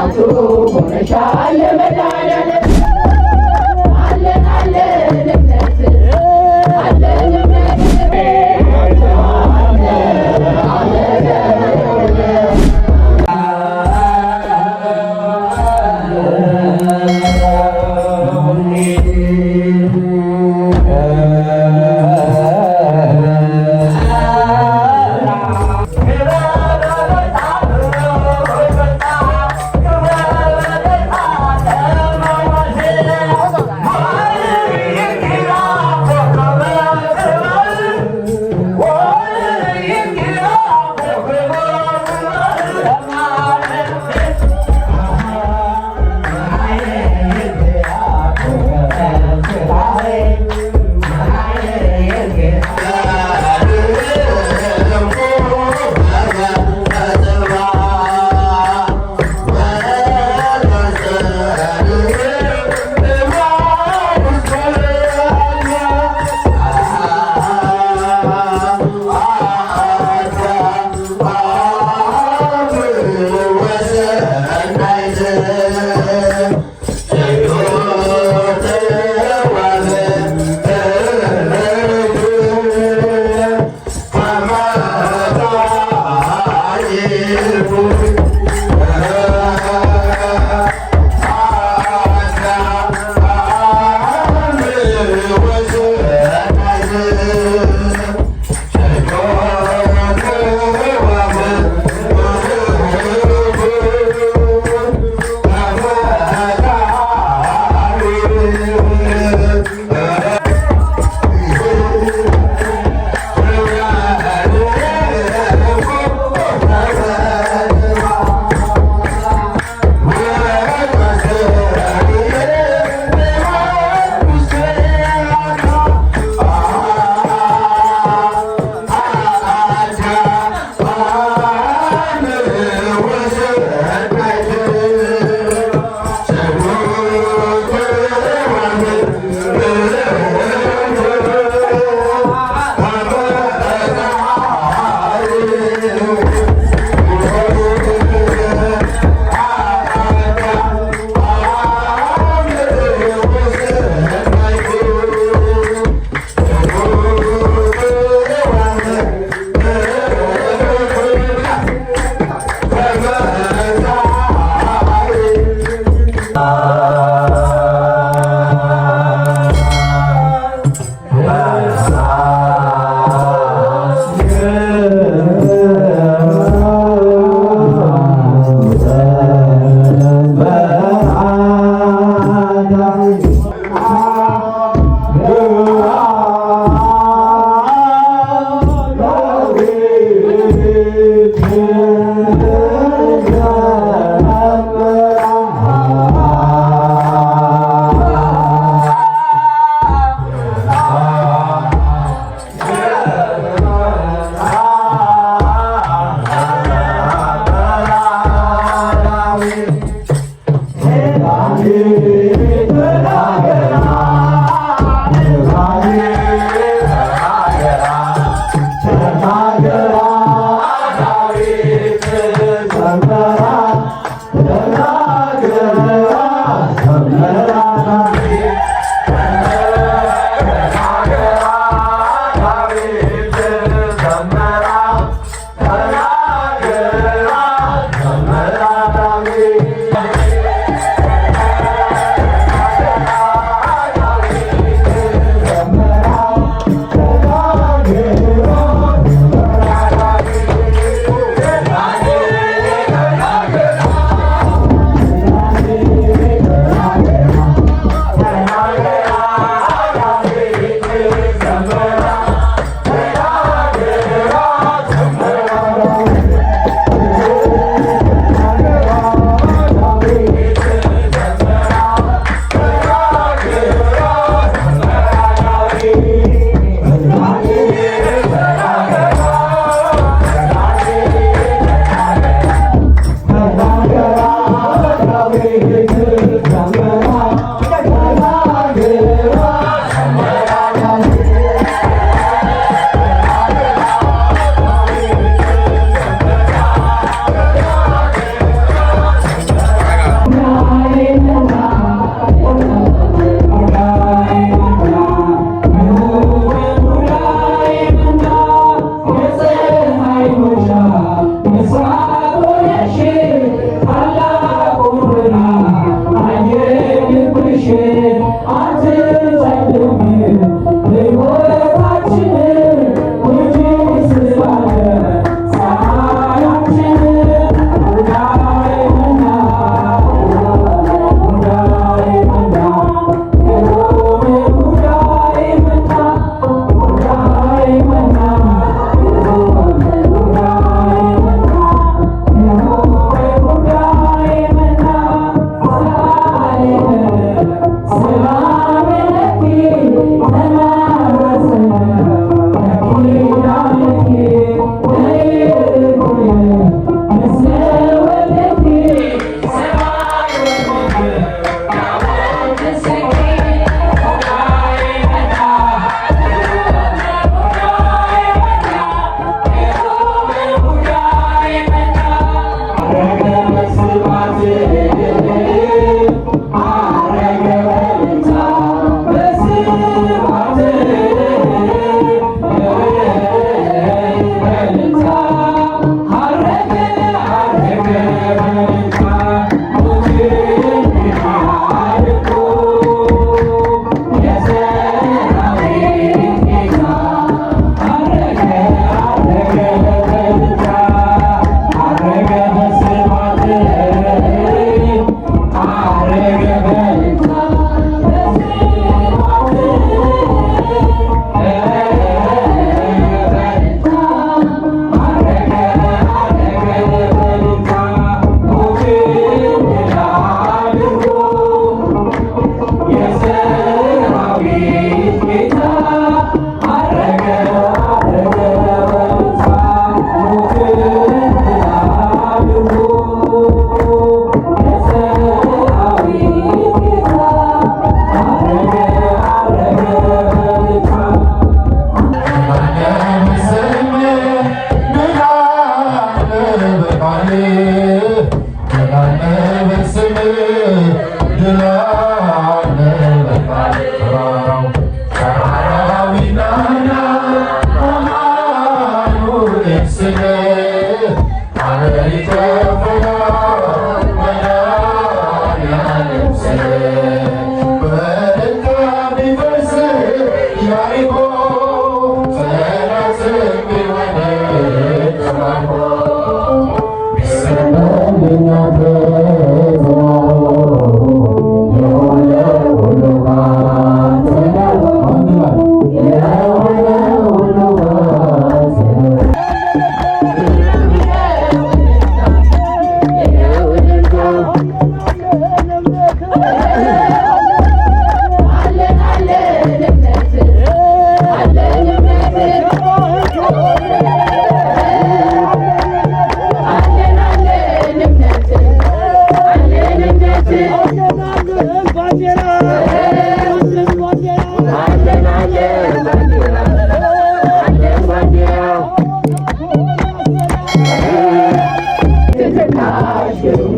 እናቱ ሆነሻል ለመዳን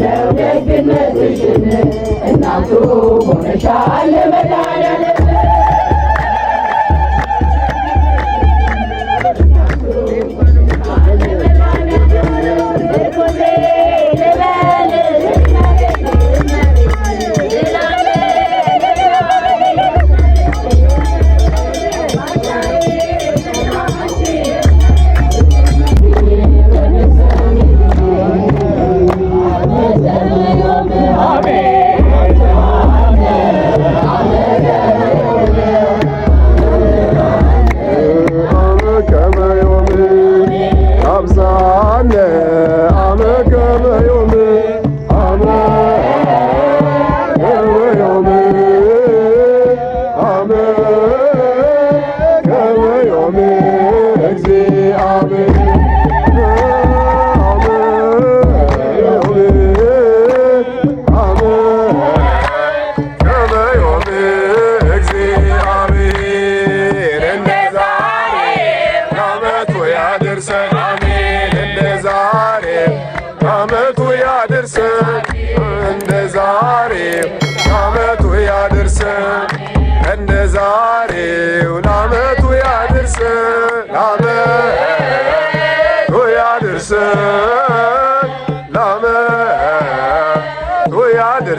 ነው ደግነትሽን እናቱ ሆነሻል ለመድኃኒዓለም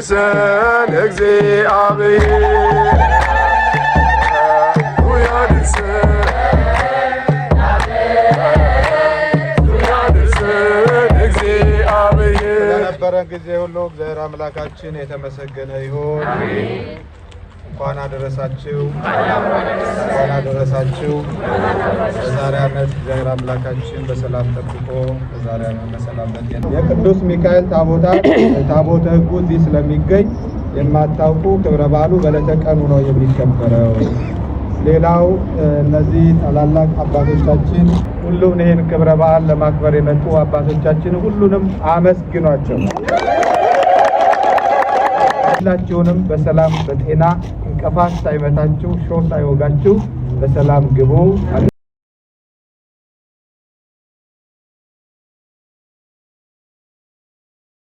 ያድርሰን እግዚአብሔር በነበረን ጊዜ ሁሉ እግዚአብሔር አምላካችን የተመሰገነ ይሁን። እንኳን አደረሳችሁ እንኳን አደረሳችሁ። በዛሬ ዓመት እግዚአብሔር አምላካችን በሰላም ጠብቆ በዛሬ ዓመት በሰላም የቅዱስ ሚካኤል ታቦታት ታቦተ ሕጉ እዚህ ስለሚገኝ የማታውቁ ክብረ በዓሉ በዕለተ ቀኑ ነው የሚከበረው። ሌላው እነዚህ ታላላቅ አባቶቻችን ሁሉም ይህን ክብረ በዓል ለማክበር የመጡ አባቶቻችን ሁሉንም አመስግኗቸው። ሁላችሁንም በሰላም በጤና እንቅፋት ሳይመታችሁ ሾህ ሳይወጋችሁ በሰላም ግቡ።